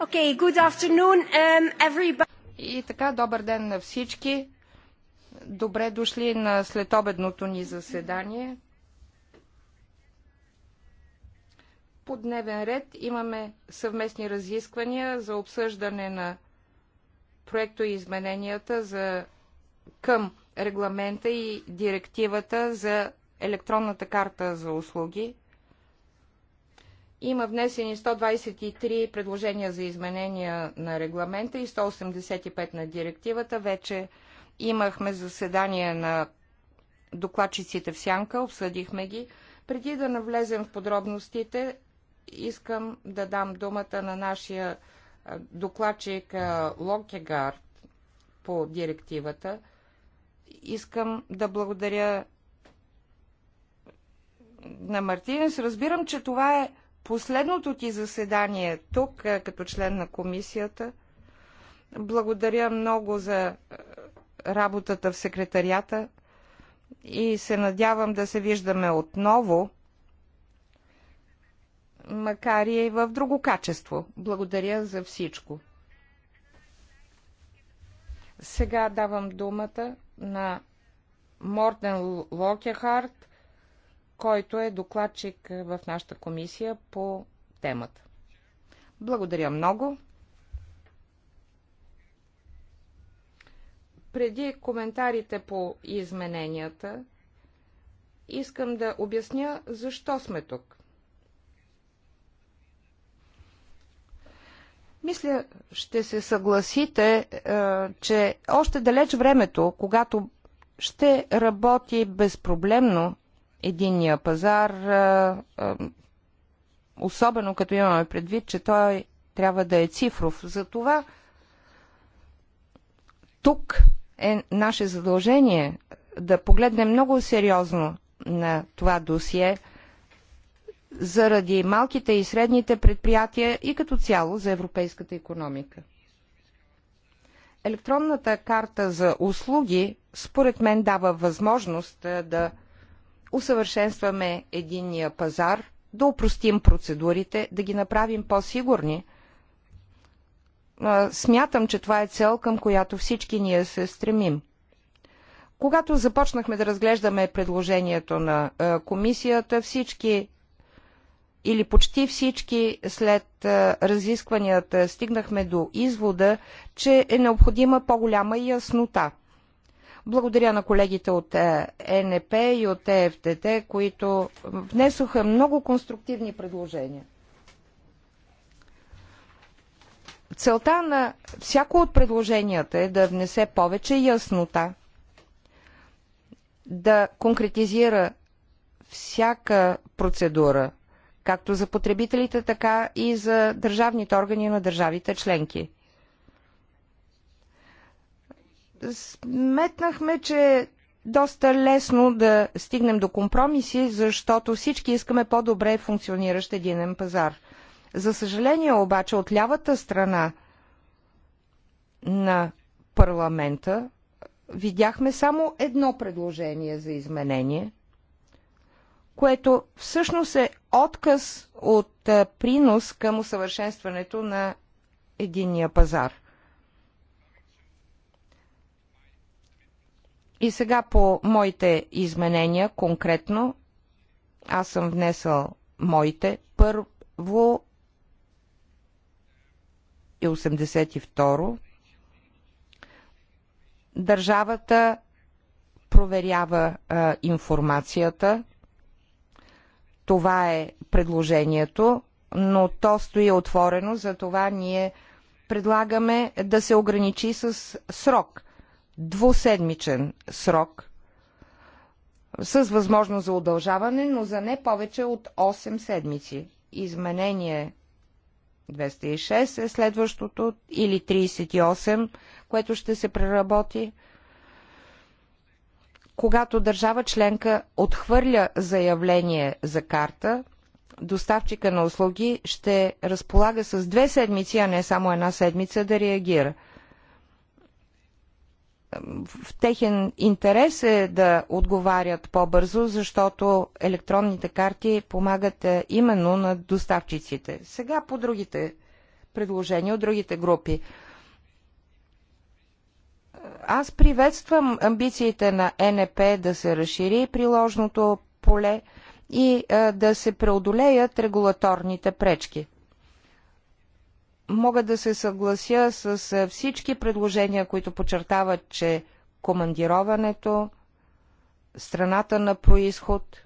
Okay, good afternoon, um, everybody. И така, добър ден на всички. Добре дошли на следобедното ни заседание. По дневен ред имаме съвместни разисквания за обсъждане на проекто и измененията за, към регламента и директивата за електронната карта за услуги – има внесени 123 предложения за изменения на регламента и 185 на директивата. Вече имахме заседание на докладчиците в Сянка, обсъдихме ги. Преди да навлезем в подробностите, искам да дам думата на нашия докладчик Локегард по директивата. Искам да благодаря на Мартинес. Разбирам, че това е последното ти заседание тук, е, като член на комисията. Благодаря много за е, работата в секретарията и се надявам да се виждаме отново, макар и в друго качество. Благодаря за всичко. Сега давам думата на Мортен Локехарт, който е докладчик е, в нашата комисия по темата. Благодаря много. Преди коментарите по измененията, искам да обясня защо сме тук. Мисля, ще се съгласите, е, че още далеч времето, когато ще работи безпроблемно единния пазар, особено като имаме предвид, че той трябва да е цифров. Затова тук е наше задължение да погледнем много сериозно на това досие заради малките и средните предприятия и като цяло за европейската економика. Електронната карта за услуги, според мен, дава възможност да усъвършенстваме единния пазар, да упростим процедурите, да ги направим по-сигурни. Смятам, че това е цел, към която всички ние се стремим. Когато започнахме да разглеждаме предложението на комисията, всички или почти всички след разискванията стигнахме до извода, че е необходима по-голяма яснота – благодаря на колегите от ЕНП и от ЕФТТ, които внесоха много конструктивни предложения. Целта на всяко от предложенията е да внесе повече яснота, да конкретизира всяка процедура, както за потребителите, така и за държавните органи на държавите членки сметнахме, че е доста лесно да стигнем до компромиси, защото всички искаме по-добре функциониращ единен пазар. За съжаление обаче от лявата страна на парламента видяхме само едно предложение за изменение, което всъщност е отказ от принос към усъвършенстването на единния пазар – И сега по моите изменения конкретно, аз съм внесъл моите първо е и 82. Държавата проверява а, информацията. Това е предложението, но то стои отворено, затова ние предлагаме да се ограничи с срок – двуседмичен срок с възможност за удължаване, но за не повече от 8 седмици. Изменение 206 е следващото или 38, което ще се преработи. Когато държава членка отхвърля заявление за карта, доставчика на услуги ще разполага с две седмици, а не само една седмица да реагира – в техен интерес е да отговарят по-бързо, защото електронните карти помагат е, именно на доставчиците. Сега по другите предложения от другите групи. Аз приветствам амбициите на НП да се разшири приложното поле и е, да се преодолеят регулаторните пречки мога да се съглася с е, всички предложения, които подчертават, че командироването, страната на происход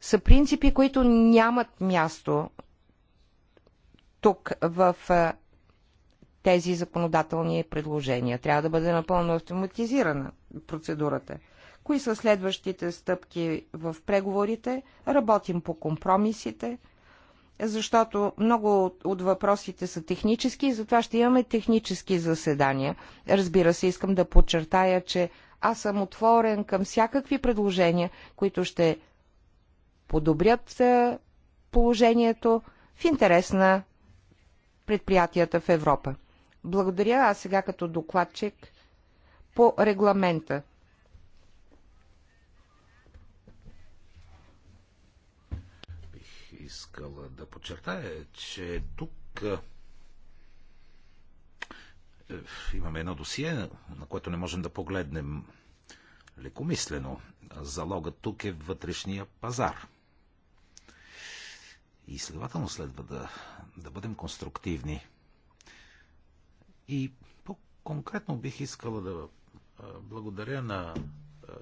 са принципи, които нямат място тук в е, тези законодателни предложения. Трябва да бъде напълно автоматизирана процедурата. Кои са следващите стъпки в преговорите? Работим по компромисите – защото много от въпросите са технически и затова ще имаме технически заседания. Разбира се, искам да подчертая, че аз съм отворен към всякакви предложения, които ще подобрят е, положението в интерес на предприятията в Европа. Благодаря, а сега като докладчик по регламента. искала да подчертая, че тук е, имаме едно досие, на което не можем да погледнем лекомислено. Залогът тук е вътрешния пазар. И следователно следва да, да бъдем конструктивни. И по-конкретно бих искала да е, благодаря на е,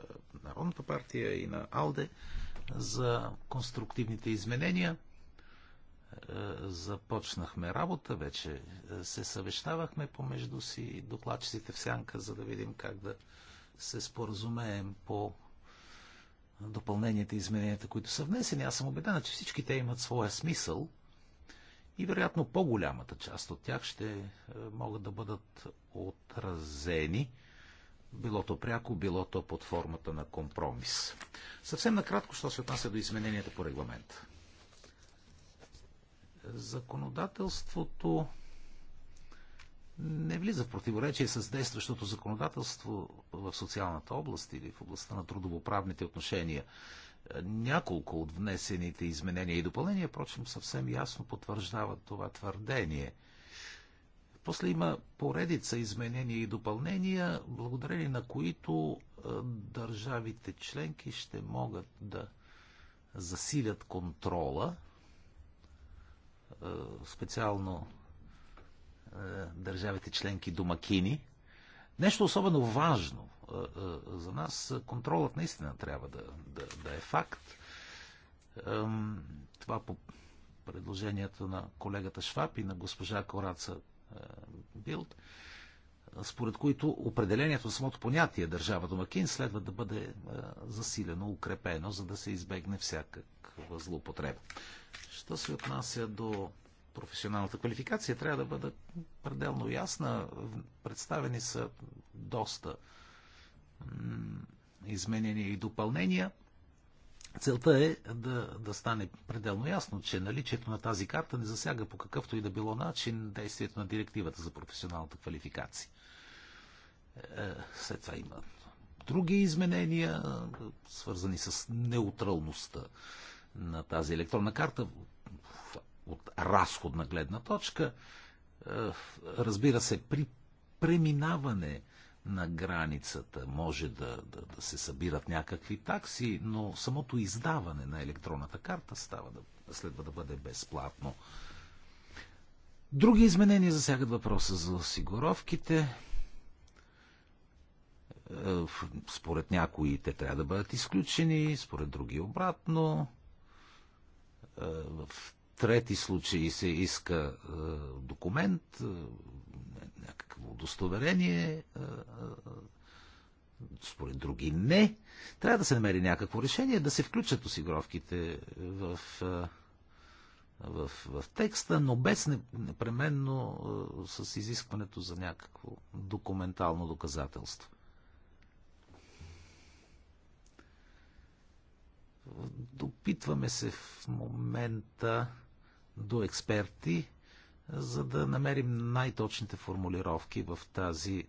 Народната партия и на АЛДЕ за конструктивните изменения. Е, започнахме работа, вече е, се съвещавахме помежду си докладчиците в сянка, за да видим как да се споразумеем по допълненията и измененията, които са внесени. Аз съм убедена, че всички те имат своя смисъл и вероятно по-голямата част от тях ще е, могат да бъдат отразени било то пряко, било то под формата на компромис. Съвсем накратко, що се отнася до измененията по регламент. Законодателството не влиза в противоречие с действащото законодателство в социалната област или в областта на трудовоправните отношения. Няколко от внесените изменения и допълнения, впрочем, съвсем ясно потвърждават това твърдение – после има поредица изменения и допълнения, благодарение на които държавите членки ще могат да засилят контрола, специално държавите членки домакини. Нещо особено важно за нас, контролът наистина трябва да, да, да е факт. Това по предложението на колегата Шваб и на госпожа Кораца е, билд, според които определението, самото понятие държава домакин следва да бъде е, засилено, укрепено, за да се избегне всякаква злоупотреба. Що се отнася до професионалната квалификация, трябва да бъда пределно ясна. Представени са доста изменения и допълнения – Целта е да, да стане пределно ясно, че наличието на тази карта не засяга по какъвто и да било начин действието на директивата за професионалната квалификация. Е, след това има други изменения, свързани с неутралността на тази електронна карта от разходна гледна точка. Е, разбира се, при преминаване на границата може да, да, да се събират някакви такси, но самото издаване на електронната карта става да, следва да бъде безплатно. Други изменения засягат въпроса за осигуровките. Е, според някои те трябва да бъдат изключени, според други обратно. Е, в трети случаи се иска е, документ, някакво удостоверение, е, е, е, според други не. Трябва да се намери някакво решение, да се включат осигуровките в, в, в текста, но без непременно с изискването за някакво документално доказателство. Допитваме се в момента до експерти, за да намерим най-точните формулировки в тази е,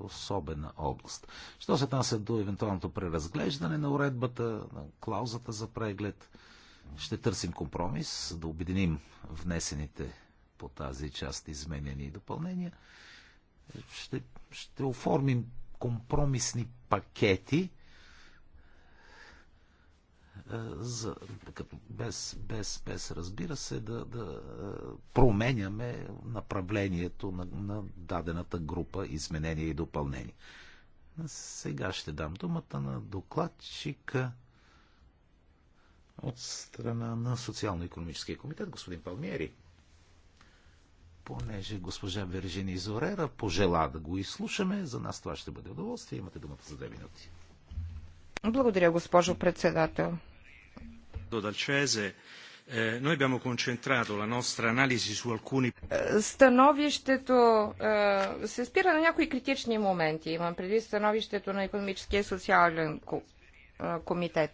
особена област. Що се отнася до евентуалното преразглеждане на уредбата, на клаузата за преглед, ще търсим компромис, да обединим внесените по тази част изменения и допълнения. Ще, ще оформим компромисни пакети, е, за, като без, без, без, разбира се, да, да е, променяме направлението на, на дадената група изменения и допълнения. Сега ще дам думата на докладчика от страна на Социално-економическия комитет, господин Палмиери. Понеже госпожа Вержини Зорера пожела да го изслушаме, за нас това ще бъде удоволствие. Имате думата за две минути. Благодаря, госпожо председател. Leonardo dal Cese, eh, noi abbiamo concentrato la nostra analisi su alcuni... Е, становището е, се спира на някои критични моменти. Имам преди становището на економическия и социален е, комитет.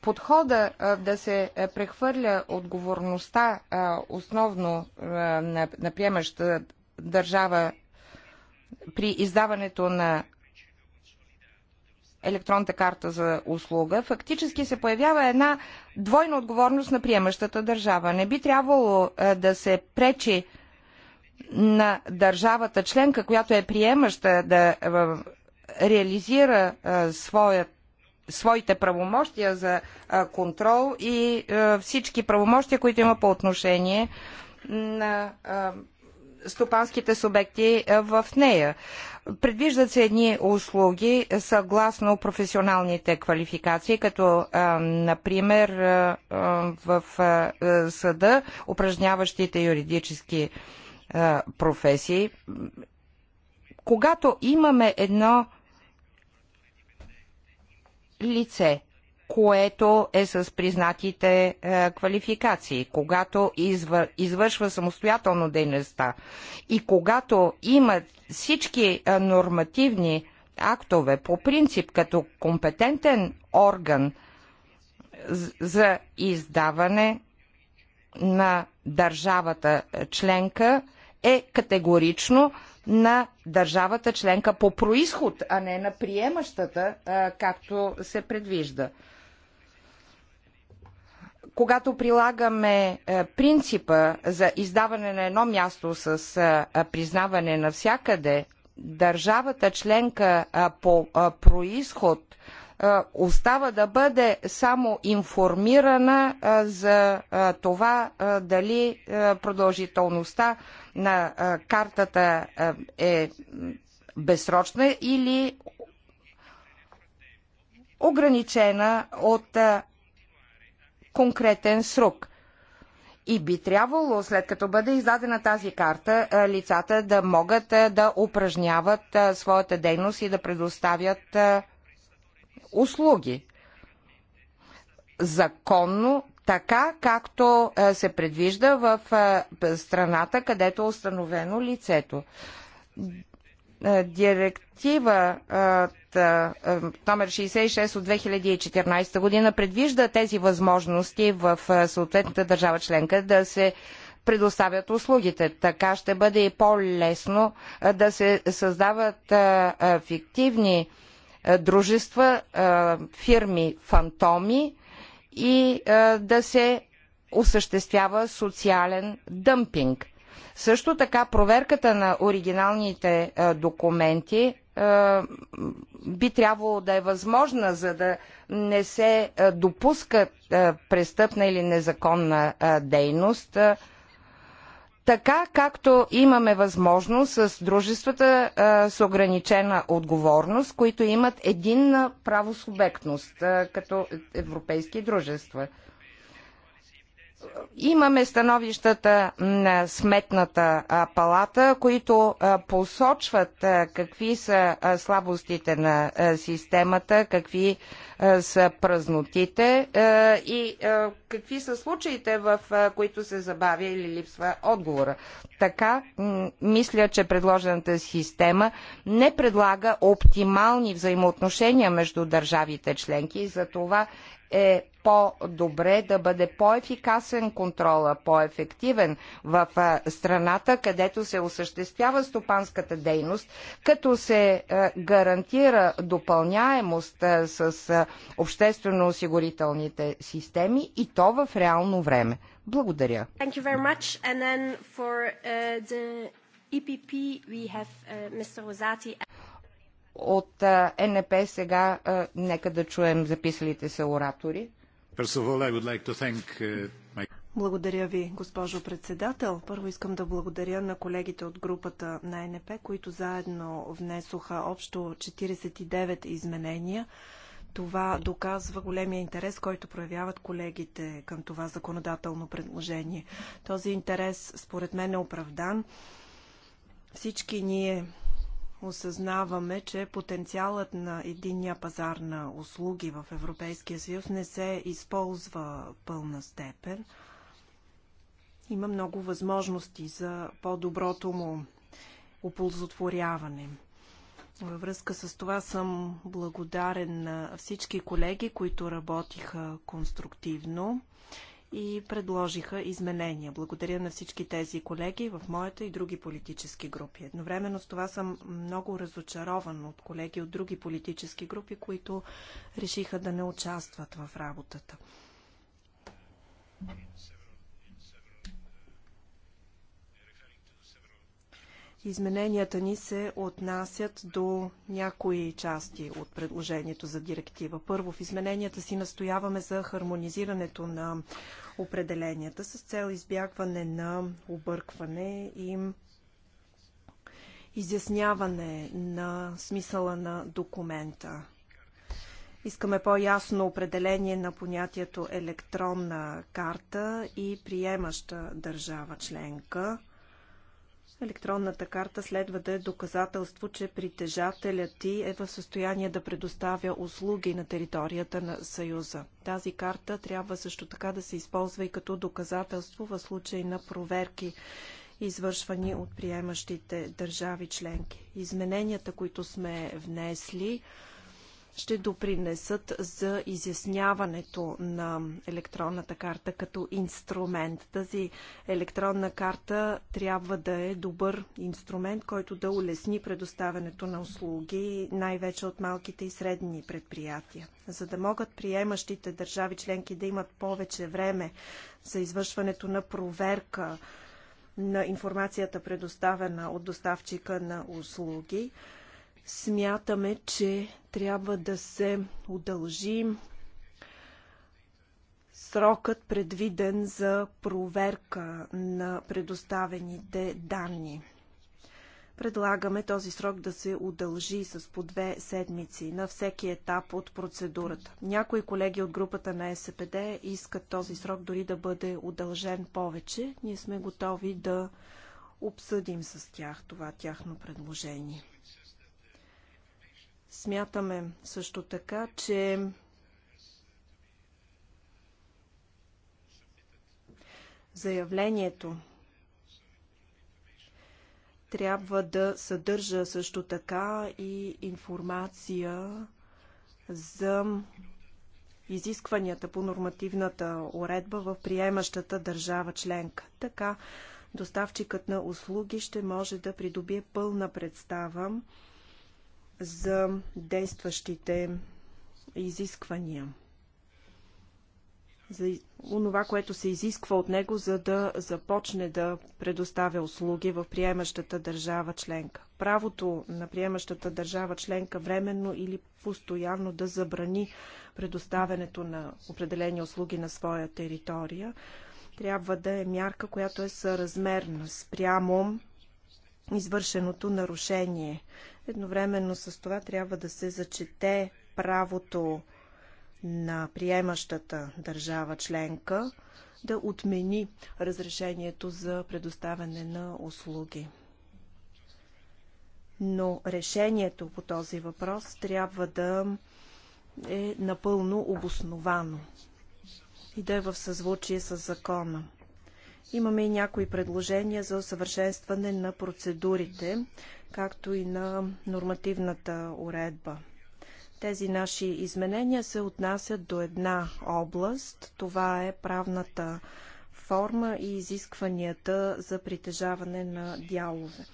Подхода да се прехвърля отговорността основно на приемаща държава при издаването на електронната карта за услуга, фактически се появява една двойна отговорност на приемащата държава. Не би трябвало е, да се пречи на държавата членка, която е приемаща да е, реализира е, своят своите правомощия за контрол и всички правомощия, които има по отношение на стопанските субекти в нея. Предвиждат се едни услуги съгласно професионалните квалификации, като например в съда упражняващите юридически професии. Когато имаме едно лице, което е с признатите е, квалификации, когато извър, извършва самостоятелно дейността и когато има всички е, нормативни актове по принцип като компетентен орган за издаване на държавата членка е категорично на държавата членка по происход, а не на приемащата, е, както се предвижда когато прилагаме е, принципа за издаване на едно място с е, е, признаване навсякъде, държавата членка по происход остава да бъде само информирана за това дали продължителността на картата е безсрочна или ограничена от конкретен срок. И би трябвало, след като бъде издадена тази карта, лицата да могат да упражняват своята дейност и да предоставят услуги. Законно, така както се предвижда в страната, където е установено лицето. Е, директива е, е, номер 66 от 2014 година предвижда тези възможности в съответната държава членка да се предоставят услугите. Така ще бъде и по-лесно да се създават фиктивни дружества, фирми фантоми и да се осъществява социален дъмпинг. Също така проверката на оригиналните документи би трябвало да е възможна, за да не се допуска престъпна или незаконна дейност. Така както имаме възможност с дружествата с ограничена отговорност, които имат единна правосубектност като европейски дружества. Имаме становищата на Сметната палата, които посочват какви са слабостите на системата, какви е, са празнотите е, и е, какви са случаите, в които се забавя или липсва отговора. Така, мисля, че предложената система не предлага оптимални взаимоотношения между държавите членки и за това е по-добре да бъде по-ефикасен контрола, по-ефективен в страната, където се осъществява стопанската дейност, като се гарантира допълняемост с обществено-осигурителните системи и то в реално време. Благодаря. For, uh, EPP, e have, uh, От uh, НП сега uh, нека да чуем записалите се оратори. Uh, благодаря ви, госпожо председател. Първо искам да благодаря на колегите от групата на НП, които заедно внесоха общо 49 изменения. Това доказва големия интерес, който проявяват колегите към това законодателно предложение. Този интерес, според мен, е оправдан. Всички ние осъзнаваме, че потенциалът на единния пазар на услуги в Европейския съюз не се използва пълна степен. Има много възможности за по-доброто му оползотворяване. Във връзка с това съм благодарен на всички колеги, които работиха конструктивно и предложиха изменения. Благодаря на всички тези колеги в моята и други политически групи. Едновременно с това съм много разочарован от колеги от други политически групи, които решиха да не участват в работата. Измененията ни се отнасят до някои части от предложението за директива. Първо, в измененията си настояваме за хармонизирането на определенията с цел избягване на объркване и изясняване на смисъла на документа. Искаме по-ясно определение на понятието електронна карта и приемаща държава членка. Електронната карта следва да е доказателство, че притежателят ти е в състояние да предоставя услуги на територията на Съюза. Тази карта трябва също така да се използва и като доказателство в случай на проверки, извършвани от приемащите държави членки. Измененията, които сме внесли, ще допринесат за изясняването на електронната карта като инструмент. Тази електронна карта трябва да е добър инструмент, който да улесни предоставянето на услуги, най-вече от малките и средни предприятия. За да могат приемащите държави членки да имат повече време за извършването на проверка на информацията, предоставена от доставчика на услуги, Смятаме, че трябва да се удължи срокът предвиден за проверка на предоставените данни. Предлагаме този срок да се удължи с по две седмици на всеки етап от процедурата. Някои колеги от групата на СПД искат този срок дори да бъде удължен повече. Ние сме готови да обсъдим с тях това тяхно предложение. Смятаме също така, че заявлението трябва да съдържа също така и информация за изискванията по нормативната уредба в приемащата държава членка. Така доставчикът на услуги ще може да придобие пълна представа за действащите изисквания, за онова, което се изисква от него, за да започне да предоставя услуги в приемащата държава членка. Правото на приемащата държава членка временно или постоянно да забрани предоставянето на определени услуги на своя територия трябва да е мярка, която е съразмерна спрямо извършеното нарушение. Едновременно с това трябва да се зачете правото на приемащата държава членка да отмени разрешението за предоставяне на услуги. Но решението по този въпрос трябва да е напълно обосновано и да е в съзвучие с закона. Имаме и някои предложения за усъвършенстване на процедурите, както и на нормативната уредба. Тези наши изменения се отнасят до една област. Това е правната форма и изискванията за притежаване на дялове.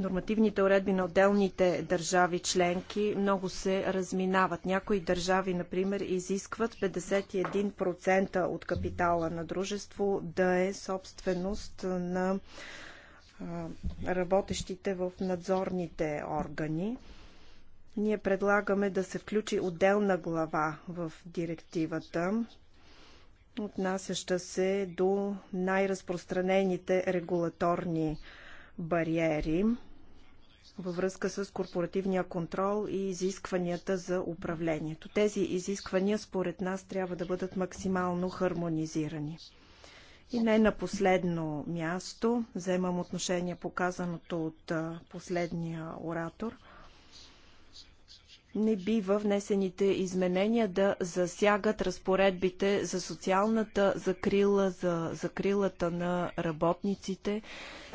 нормативните уредби на отделните държави членки много се разминават. Някои държави, например, изискват 51% от капитала на дружество да е собственост на работещите в надзорните органи. Ние предлагаме да се включи отделна глава в директивата, отнасяща се до най-разпространените регулаторни бариери във връзка с корпоративния контрол и изискванията за управлението. Тези изисквания според нас трябва да бъдат максимално хармонизирани. И не на последно място, вземам отношение показаното от последния оратор – не бива внесените изменения да засягат разпоредбите за социалната закрила, за закрилата на работниците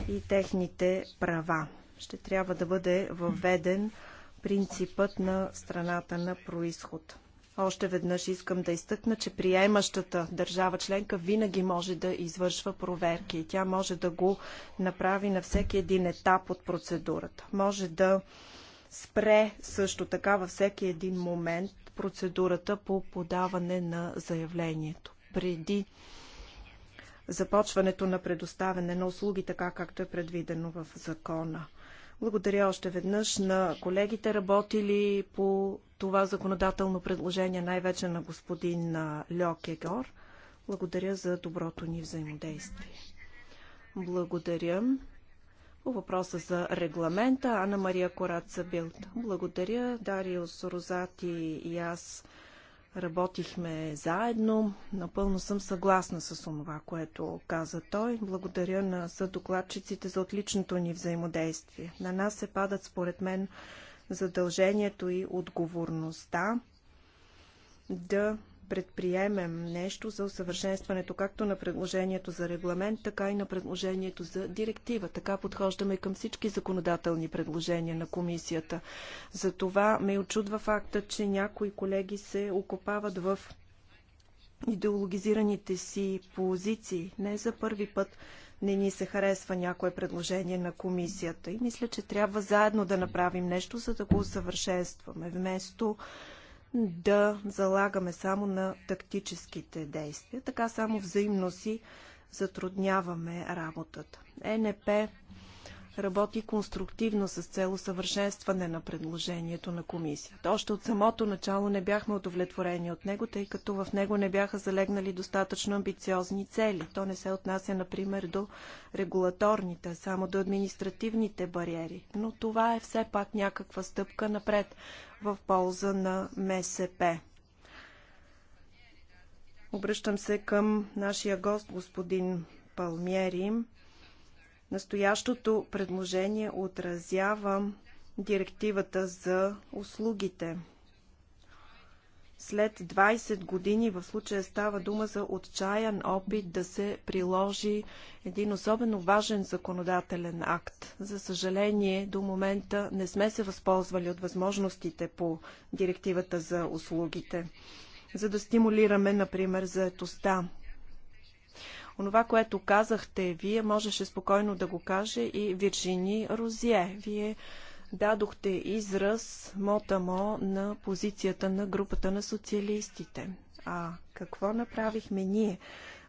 и техните права ще трябва да бъде въведен принципът на страната на происход. Още веднъж искам да изтъкна, че приемащата държава членка винаги може да извършва проверки. Тя може да го направи на всеки един етап от процедурата. Може да спре също така във всеки един момент процедурата по подаване на заявлението. Преди започването на предоставяне на услуги, така както е предвидено в закона. Благодаря още веднъж на колегите, работили по това законодателно предложение, най-вече на господин Льок Егор. Благодаря за доброто ни взаимодействие. Благодаря. По въпроса за регламента, Анна Мария Кораца Билт. Благодаря, Дарио Сорозати и аз Работихме заедно. Напълно съм съгласна с това, което каза той. Благодаря на съдокладчиците за отличното ни взаимодействие. На нас се падат, според мен, задължението и отговорността да предприемем нещо за усъвършенстването както на предложението за регламент, така и на предложението за директива. Така подхождаме към всички законодателни предложения на комисията. За това ме очудва факта, че някои колеги се окопават в идеологизираните си позиции. Не за първи път не ни се харесва някое предложение на комисията. И мисля, че трябва заедно да направим нещо, за да го усъвършенстваме. Вместо да залагаме само на тактическите действия. Така само взаимно си затрудняваме работата. ЕНП работи конструктивно с цел усъвършенстване на предложението на комисията. Още от самото начало не бяхме удовлетворени от него, тъй като в него не бяха залегнали достатъчно амбициозни цели. То не се отнася, например, до регулаторните, само до административните бариери. Но това е все пак някаква стъпка напред в полза на МСП. Обръщам се към нашия гост, господин Палмери. Настоящото предложение отразява директивата за услугите. След 20 години в случая става дума за отчаян опит да се приложи един особено важен законодателен акт. За съжаление, до момента не сме се възползвали от възможностите по директивата за услугите, за да стимулираме, например, заетостта. Онова, което казахте вие, можеше спокойно да го каже и Вирджини Розие. Вие дадохте израз мотамо на позицията на групата на социалистите. А какво направихме ние?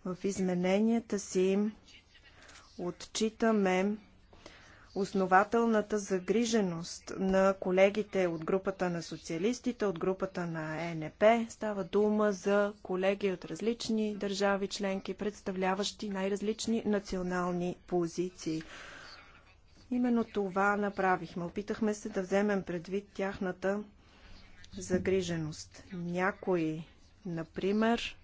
В измененията си отчитаме основателната загриженост на колегите от групата на социалистите, от групата на ЕНП. Става дума за колеги от различни държави членки, представляващи най-различни национални позиции. Именно това направихме. Опитахме се да вземем предвид тяхната загриженост. Някои, например,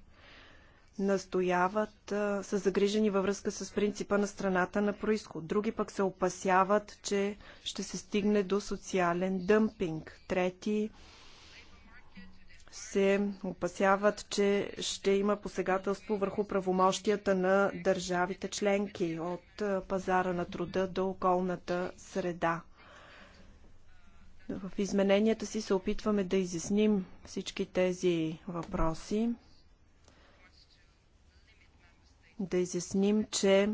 настояват, са загрижени във връзка с принципа на страната на происход. Други пък се опасяват, че ще се стигне до социален дъмпинг. Трети се опасяват, че ще има посегателство върху правомощията на държавите членки от пазара на труда до околната среда. В измененията си се опитваме да изясним всички тези въпроси да изясним, че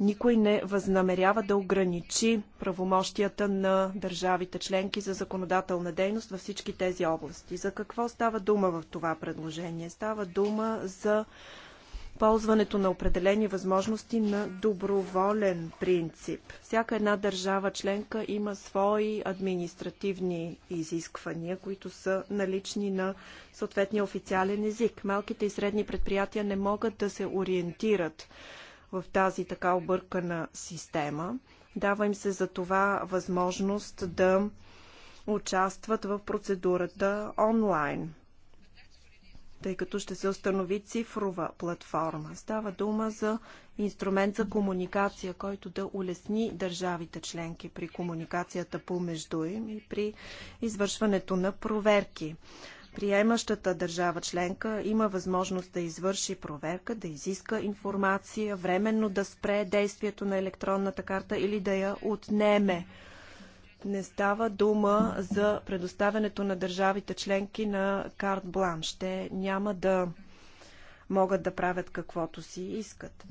никой не възнамерява да ограничи правомощията на държавите членки за законодателна дейност във всички тези области. За какво става дума в това предложение? Става дума за ползването на определени възможности на доброволен принцип. Всяка една държава членка има свои административни изисквания, които са налични на съответния официален език. Малките и средни предприятия не могат да се ориентират в тази така объркана система. Дава им се за това възможност да участват в процедурата онлайн тъй като ще се установи цифрова платформа. Става дума за инструмент за комуникация, който да улесни държавите членки при комуникацията помежду им и при извършването на проверки. Приемащата държава членка има възможност да извърши проверка, да изиска информация, временно да спре действието на електронната карта или да я отнеме не става дума за предоставянето на държавите членки на карт блан. Ще няма да могат да правят каквото си искат.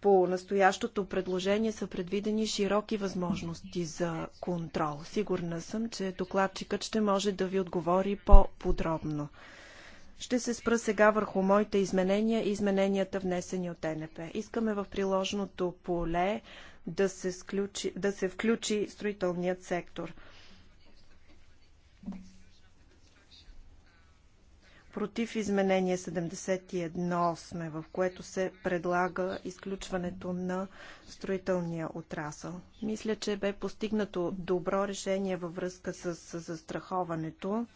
По настоящото предложение са предвидени широки възможности за контрол. Сигурна съм, че докладчикът ще може да ви отговори по-подробно. Ще се спра сега върху моите изменения и измененията внесени от НП. Искаме в приложното поле да се, сключи, да се включи строителният сектор. Против изменение 71 сме, в което се предлага изключването на строителния отрасъл. Мисля, че бе постигнато добро решение във връзка с застраховането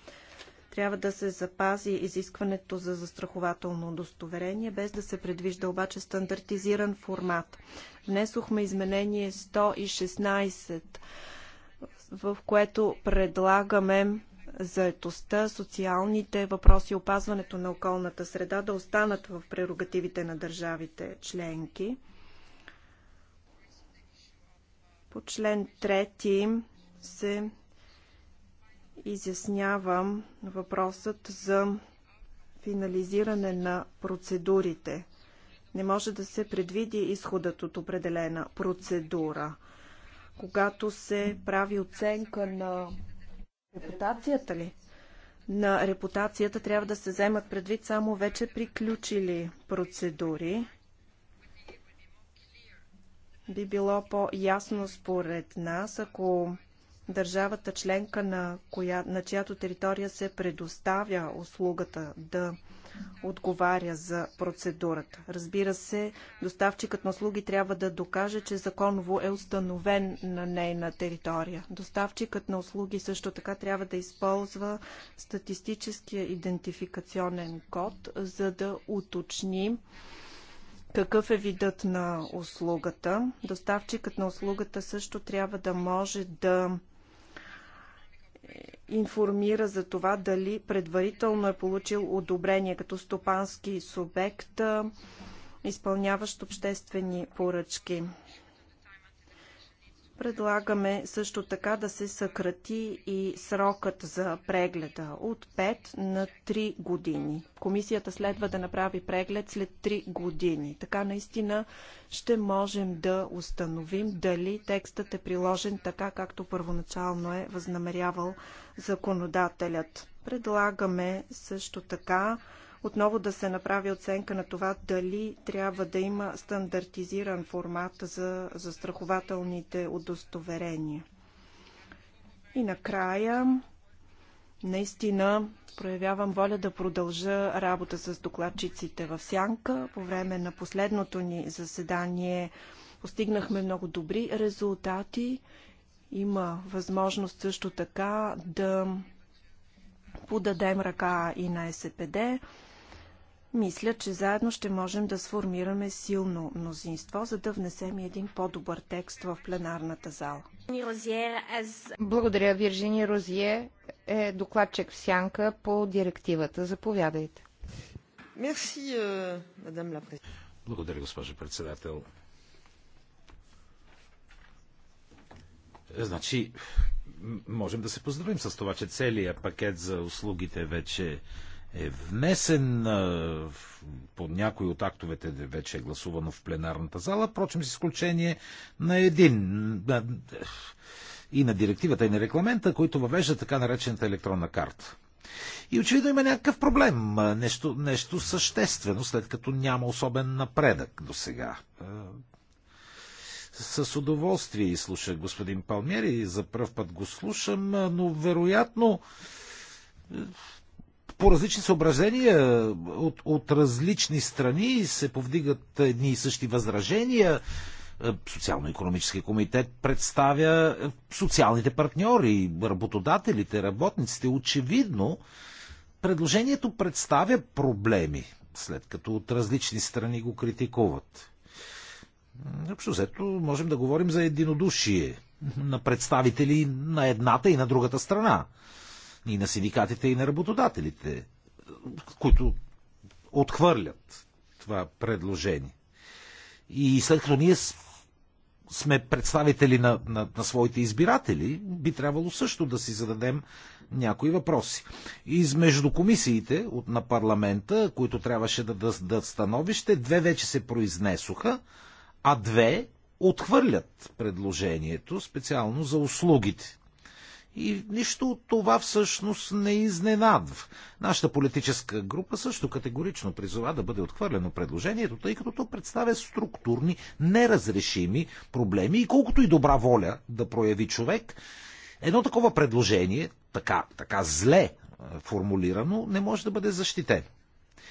трябва да се запази изискването за застрахователно удостоверение, без да се предвижда обаче стандартизиран формат. Внесохме изменение 116, в което предлагаме заетостта, социалните въпроси опазването на околната среда да останат в прерогативите на държавите членки. По член 3 се изяснявам въпросът за финализиране на процедурите. Не може да се предвиди изходът от определена процедура. Когато се прави оценка на репутацията ли? На репутацията трябва да се вземат предвид само вече приключили процедури. Би било по-ясно според нас, ако държавата членка, на, коя, на чиято територия се предоставя услугата да отговаря за процедурата. Разбира се, доставчикът на услуги трябва да докаже, че законово е установен на нейна територия. Доставчикът на услуги също така трябва да използва статистическия идентификационен код, за да уточни какъв е видът на услугата. Доставчикът на услугата също трябва да може да информира за това дали предварително е получил одобрение като стопански субект, изпълняващ обществени поръчки. Предлагаме също така да се съкрати и срокът за прегледа от 5 на 3 години. Комисията следва да направи преглед след 3 години. Така наистина ще можем да установим дали текстът е приложен така, както първоначално е възнамерявал законодателят. Предлагаме също така отново да се направи оценка на това дали трябва да има стандартизиран формат за застрахователните удостоверения. И накрая, наистина проявявам воля да продължа работа с докладчиците в Сянка. По време на последното ни заседание постигнахме много добри резултати. Има възможност също така да подадем ръка и на СПД. Мисля, че заедно ще можем да сформираме силно мнозинство, за да внесем един по-добър текст в пленарната зала. Благодаря. Виржини Розие е докладчик в Сянка по директивата. Заповядайте. Е, Благодаря, госпожо председател. Е, значи, можем да се поздравим с това, че целият пакет за услугите вече е внесен по някои от актовете вече е гласувано в пленарната зала, впрочем с изключение на един и на директивата и на регламента, които въвежда така наречената електронна карта. И очевидно има някакъв проблем, нещо, нещо съществено, след като няма особен напредък до сега. С удоволствие слушах господин Палмери, за първ път го слушам, но вероятно по различни съображения от, от различни страни се повдигат едни и същи възражения. Е, Социално-економически комитет представя е, социалните партньори, работодателите, работниците. Очевидно, предложението представя проблеми, след като от различни страни го критикуват. Общо взето можем да говорим за единодушие на представители на едната и на другата страна и на синдикатите, и на работодателите, които отхвърлят това предложение. И след като ние сме представители на, на, на своите избиратели, би трябвало също да си зададем някои въпроси. Измежду комисиите от, на парламента, които трябваше да дадат да становище, две вече се произнесоха, а две отхвърлят предложението специално за услугите. И нищо от това всъщност не изненадва. Нашата политическа група също категорично призова да бъде отхвърлено предложението, тъй като то представя структурни, неразрешими проблеми и колкото и добра воля да прояви човек, едно такова предложение, така, така зле е, формулирано, не може да бъде защитено. Е,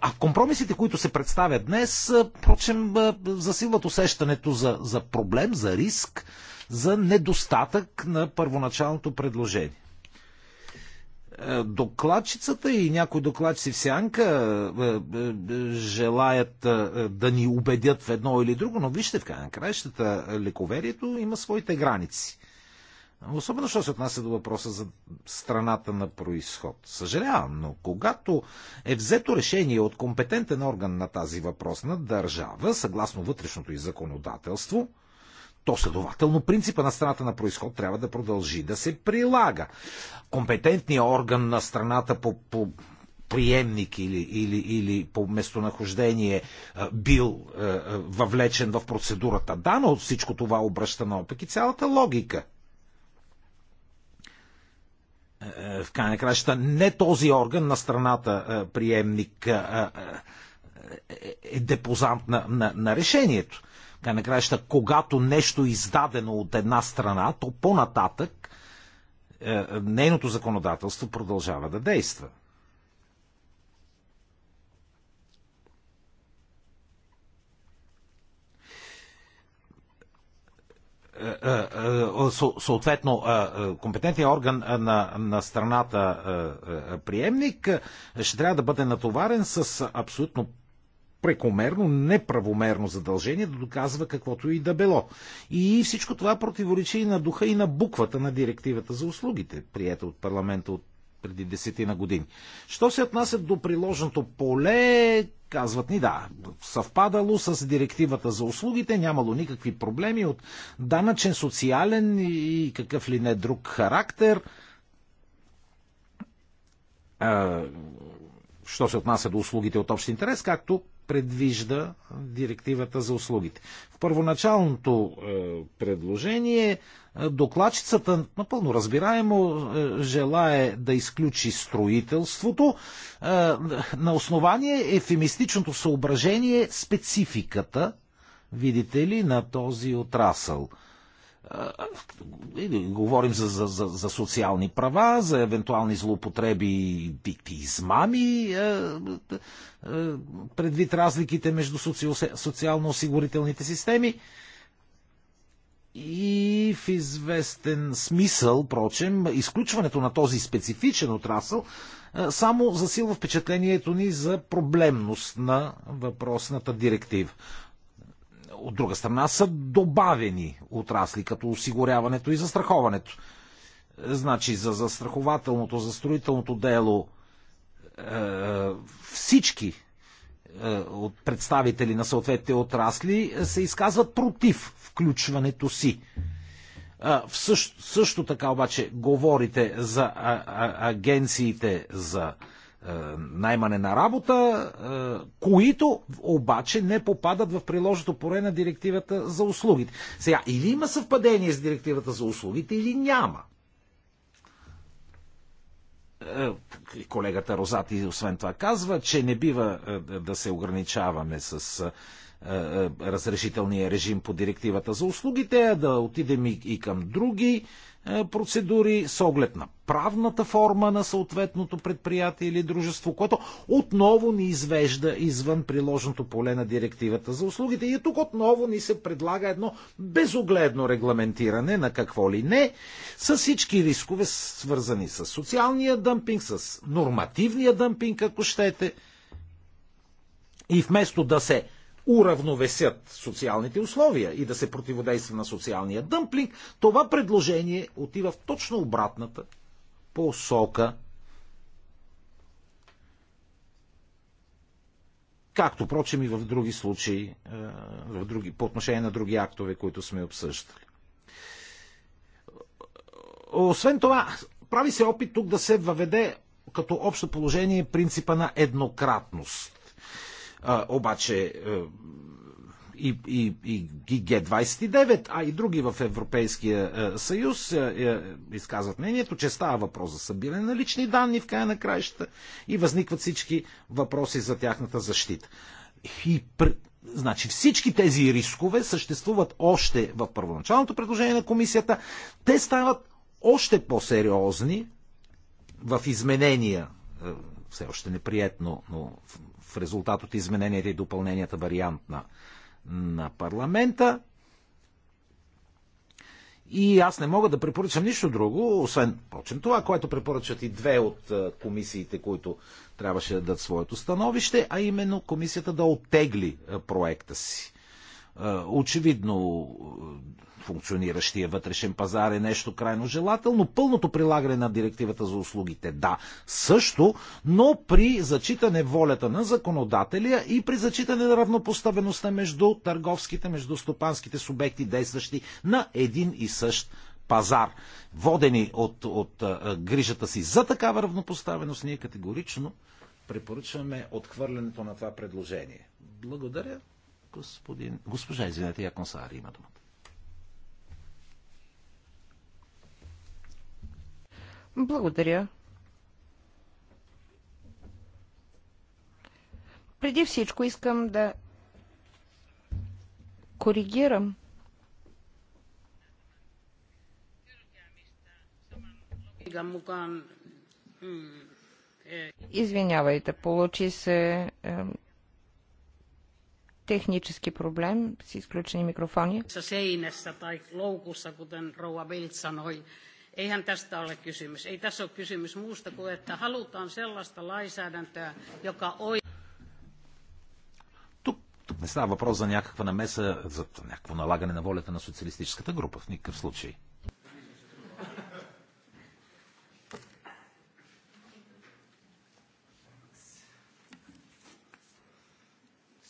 а компромисите, които се представят днес, е, впрочем, засилват усещането за, за проблем, за риск, за недостатък на първоначалното предложение. Е, докладчицата и някои докладчици в сянка е, е, желаят да ни убедят в едно или друго, но вижте в край на краищата лековерието има своите граници. Особено, що се отнася до въпроса за страната на происход. Съжалявам, но когато е взето решение от компетентен орган на тази въпросна държава, съгласно вътрешното и законодателство, то следователно принципа на страната на происход трябва да продължи да се прилага. Компетентният орган на страната по, по приемник или, или, или по местонахождение е, бил е, е, въвлечен в процедурата. Да, но всичко това обръща опек и цялата логика е, в крайна краща, не този орган на страната приемник е депозант на, на, на решението край на краища, когато нещо е издадено от една страна, то по-нататък е, нейното законодателство продължава да действа. Е, е, е, съответно компетентният орган на, на страната приемник ще трябва да бъде натоварен с абсолютно прекомерно, неправомерно задължение да доказва каквото и да било. И всичко това противоречи и на духа и на буквата на директивата за услугите, прията от парламента от преди десетина години. Що се отнася до приложното поле, казват ни да, съвпадало с директивата за услугите, нямало никакви проблеми от данъчен, социален и какъв ли не друг характер. Що се отнася до услугите от общ интерес, както предвижда директивата за услугите. В първоначалното е, предложение е, докладчицата напълно разбираемо е, желае да изключи строителството на основание ефемистичното съображение спецификата, видите ли, на този отрасъл – е, е, говорим за, за, за, за социални права, за евентуални злоупотреби и, и измами, а, е, а, предвид разликите между социално-осигурителните системи. И в известен смисъл, прочем, изключването на този специфичен отрасъл само засилва впечатлението ни за проблемност на въпросната директива от друга страна са добавени отрасли, като осигуряването и застраховането. Значи за застрахователното, за строителното дело е, всички е, от представители на съответните отрасли се изказват против включването си. В също, също така обаче говорите за а, а, агенциите за е, наймане на работа, е, които обаче не попадат в приложното поре на директивата за услугите. Сега, или има съвпадение с директивата за услугите, или няма. Е, колегата Розати освен това казва, че не бива да се ограничаваме с разрешителния режим по директивата за услугите, а да отидем и към други е, процедури с оглед на правната форма на съответното предприятие или дружество, което отново ни извежда извън приложното поле на директивата за услугите. И тук отново ни се предлага едно безогледно регламентиране на какво ли не, с всички рискове, свързани с социалния дъмпинг, с нормативния дъмпинг, ако щете. И вместо да се уравновесят социалните условия и да се противодейства на социалния дъмплинг, това предложение отива в точно обратната посока. Както, прочим, и в други случаи, е, в други, по отношение на други актове, които сме обсъждали. Освен това, прави се опит тук да се въведе като общо положение принципа на еднократност. А, обаче е, и, и, и Г-29, а и други в Европейския е, съюз е, изказват мнението, че става въпрос за събиране на лични данни в края на краищата и възникват всички въпроси за тяхната защита. И Значи всички тези рискове съществуват още в първоначалното предложение на комисията. Те стават още по-сериозни в изменения, все още неприятно, но в резултат от измененията и допълненията вариант на, на парламента. И аз не мога да препоръчам нищо друго, освен, почен това, което препоръчат и две от комисиите, които трябваше да дадат своето становище, а именно комисията да оттегли проекта си. Е, очевидно е, функциониращия вътрешен пазар е нещо крайно желателно. Пълното прилагане на директивата за услугите, да, също, но при зачитане волята на законодателя и при зачитане на равнопоставеността между търговските, между стопанските субекти, действащи на един и същ пазар. Водени от, от е, грижата си за такава равнопоставеност, ние категорично препоръчваме отхвърлянето на това предложение. Благодаря. Господин... Госпожа, извинете, Яконсари има думата. Благодаря. Преди всичко искам да коригирам Извинявайте, получи се технически проблем с изключени микрофони. Seinässä tai loukussa, kuten Rouva Bild sanoi, Eihän tästä ole kysymys. Ei tässä ole kysymys muusta kuin, että halutaan sellaista lainsäädäntöä, joka oi... тук не става въпрос за някаква намеса, за някакво налагане на волята на социалистическата група в никакъв случай.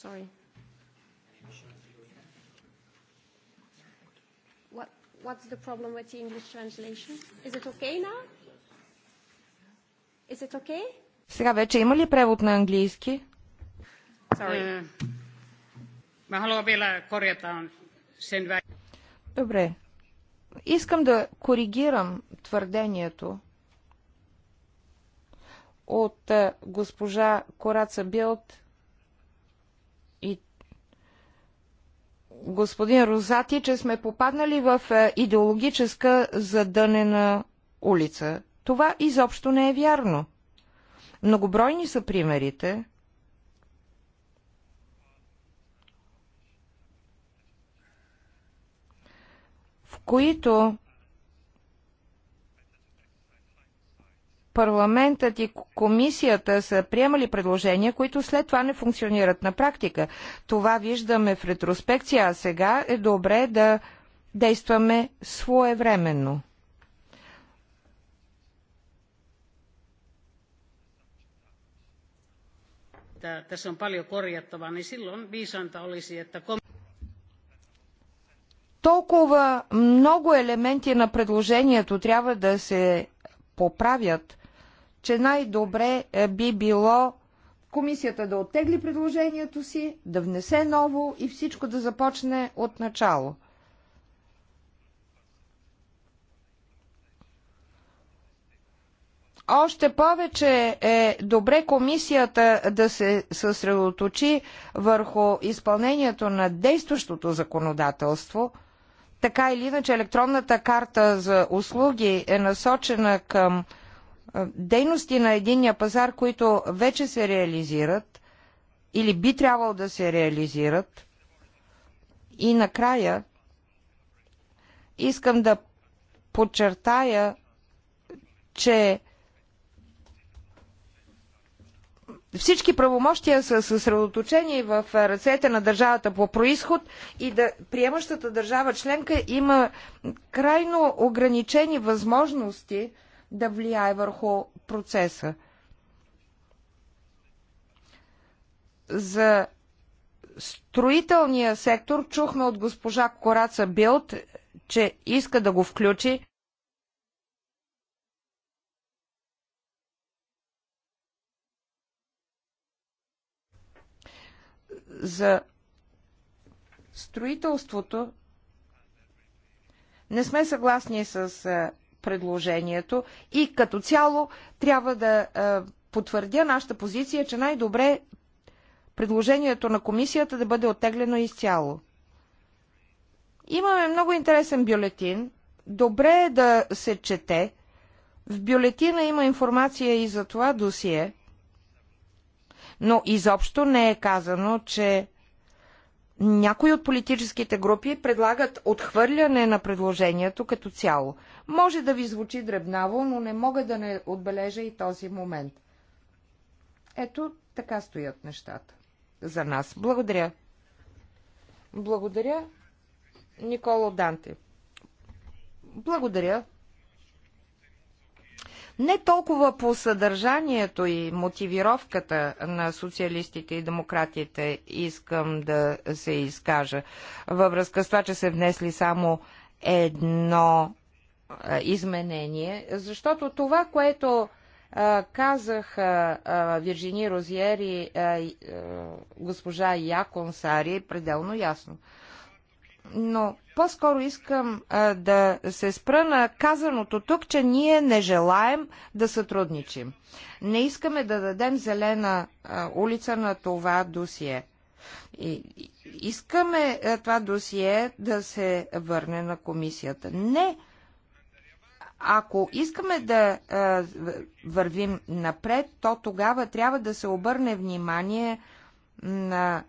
Sorry. what's the problem with the English translation? Is it okay now? Is it okay? Сега вече има ли превод на английски? Sorry. Е. Добре. Искам да коригирам твърдението от е, госпожа Кораца Билт, господин Розати, че сме попаднали в е, идеологическа задънена улица. Това изобщо не е вярно. Многобройни са примерите. В които парламентът и комисията са приемали предложения, които след това не функционират на практика. Това виждаме в ретроспекция, а сега е добре да действаме своевременно. tässä on paljon korjattavaa, niin silloin olisi, että толкова много елементи на предложението трябва да се поправят, че най-добре е, би било комисията да оттегли предложението си, да внесе ново и всичко да започне от начало. Още повече е добре комисията да се съсредоточи върху изпълнението на действащото законодателство. Така или иначе електронната карта за услуги е насочена към дейности на единния пазар, които вече се реализират или би трябвало да се реализират. И накрая искам да подчертая, че всички правомощия са съсредоточени в ръцете на държавата по происход и да приемащата държава членка има крайно ограничени възможности да влияе върху процеса. За строителния сектор чухме от госпожа Кораца Билт, че иска да го включи. За строителството не сме съгласни с предложението и като цяло трябва да е, потвърдя нашата позиция, че най-добре предложението на комисията да бъде оттеглено изцяло. Имаме много интересен бюлетин. Добре е да се чете. В бюлетина има информация и за това досие, но изобщо не е казано, че някои от политическите групи предлагат отхвърляне на предложението като цяло. Може да ви звучи дребнаво, но не мога да не отбележа и този момент. Ето така стоят нещата. За нас. Благодаря. Благодаря, Николо Данте. Благодаря не толкова по съдържанието и мотивировката на социалистите и демократите искам да се изкажа във връзка с това, че се внесли само едно изменение, защото това, което казах Вирджини Розиер госпожа госпожа Яконсари е пределно ясно. Но по-скоро искам а, да се спра на казаното тук, че ние не желаем да сътрудничим. Не искаме да дадем зелена а, улица на това досие. И, искаме а, това досие да се върне на комисията. Не! Ако искаме да а, вървим напред, то тогава трябва да се обърне внимание на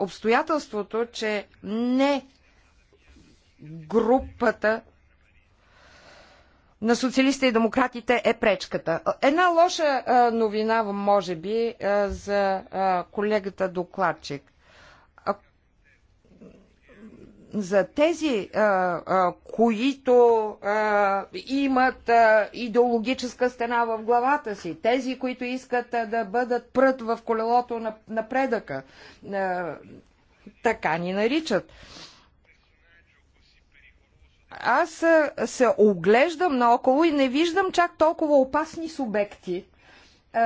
обстоятелството, че не групата на социалистите и демократите е пречката. Една лоша новина, може би, за колегата докладчик за тези, а, а, които а, имат а, идеологическа стена в главата си, тези, които искат а, да бъдат прът в колелото на напредъка, а, така ни наричат. Аз а, се оглеждам наоколо и не виждам чак толкова опасни субекти а,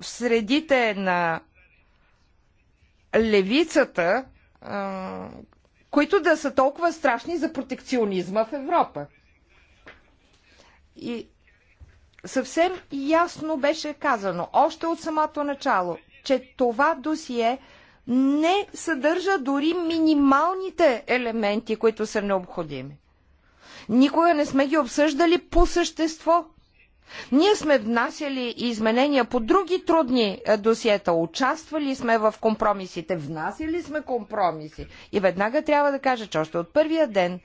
в средите на левицата, които да са толкова страшни за протекционизма в Европа. И съвсем ясно беше казано, още от самото начало, че това досие не съдържа дори минималните елементи, които са необходими. Никога не сме ги обсъждали по същество – ние сме внасяли изменения по други трудни е, досиета, участвали сме в компромисите, внасяли сме компромиси. И веднага трябва да кажа, че още от първия ден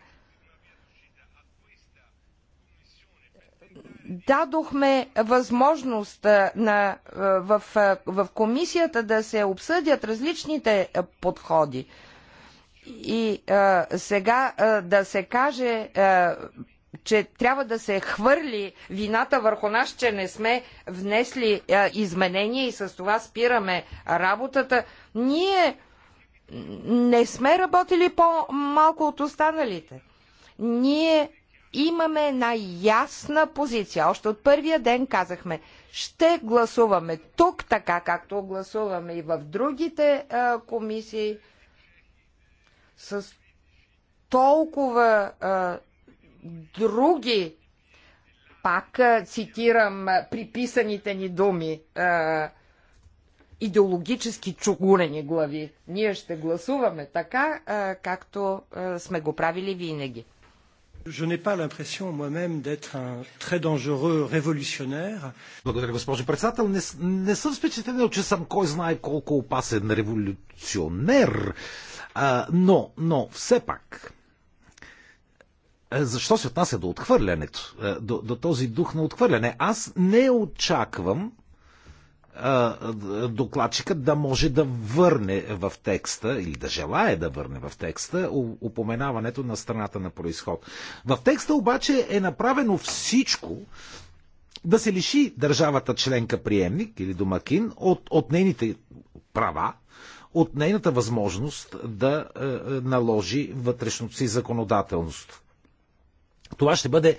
дадохме възможност е, на, е, в, в комисията да се обсъдят различните подходи. И а, сега а, да се каже а, че трябва да се хвърли вината върху нас, че не сме внесли е, изменения и с това спираме работата. Ние не сме работили по-малко от останалите. Ние имаме една ясна позиция. Още от първия ден казахме, ще гласуваме тук, така както гласуваме и в другите а, е, комисии, с толкова А, е, други, пак цитирам приписаните ни думи, идеологически чугурени глави. Ние ще гласуваме така, както сме го правили винаги. Благодаря, госпожо председател. Не, не съм впечатлен, че съм кой знае колко опасен революционер, а, но, но все пак е, защо се отнася до отхвърлянето, е, до, до този дух на отхвърляне? Аз не очаквам е, докладчика да може да върне в текста или да желая да върне в текста упоменаването на страната на происход. В текста обаче е направено всичко да се лиши държавата членка приемник или домакин от, от нейните права, от нейната възможност да е, наложи вътрешното си законодателност това ще бъде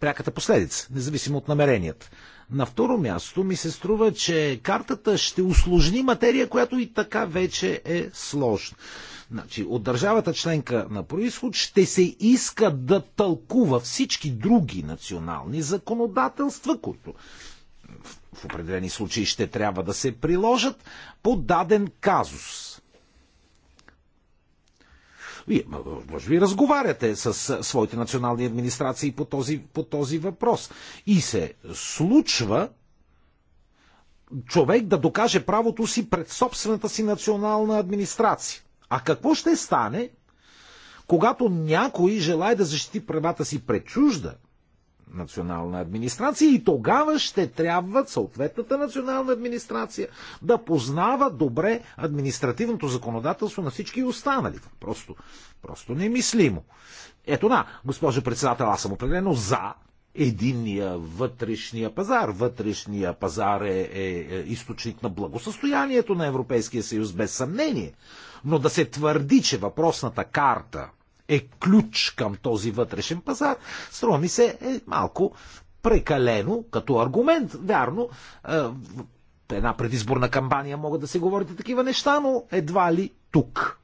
пряката последица, независимо от намеренията. На второ място ми се струва, че картата ще усложни материя, която и така вече е сложна. Значи, от държавата членка на происход ще се иска да тълкува всички други национални законодателства, които в определени случаи ще трябва да се приложат по даден казус. Вие, може би, разговаряте с своите национални администрации по този, по този въпрос. И се случва човек да докаже правото си пред собствената си национална администрация. А какво ще стане, когато някой желая да защити правата си пред чужда национална администрация и тогава ще трябва съответната национална администрация да познава добре административното законодателство на всички останали. Просто, просто немислимо. Ето на, госпожо председател, аз съм определено за единния вътрешния пазар. Вътрешния пазар е, е, е източник на благосъстоянието на Европейския съюз, без съмнение. Но да се твърди, че въпросната карта – е ключ към този вътрешен пазар, струва ми се е малко прекалено като аргумент. Вярно, е, една предизборна кампания могат да се говорите такива неща, но едва ли тук.